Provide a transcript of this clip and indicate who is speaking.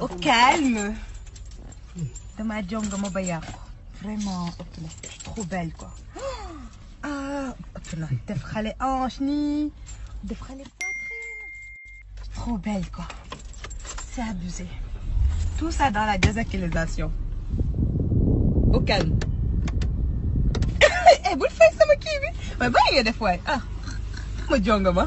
Speaker 1: au calme damaa jongama ba yàqu vraiment ëpp na je suis trop belle quoi na def xale hanche nii def xale poitrine dans la désacralisation au calme bul fay sama kii bi mais bàyyi
Speaker 2: nga def waay ma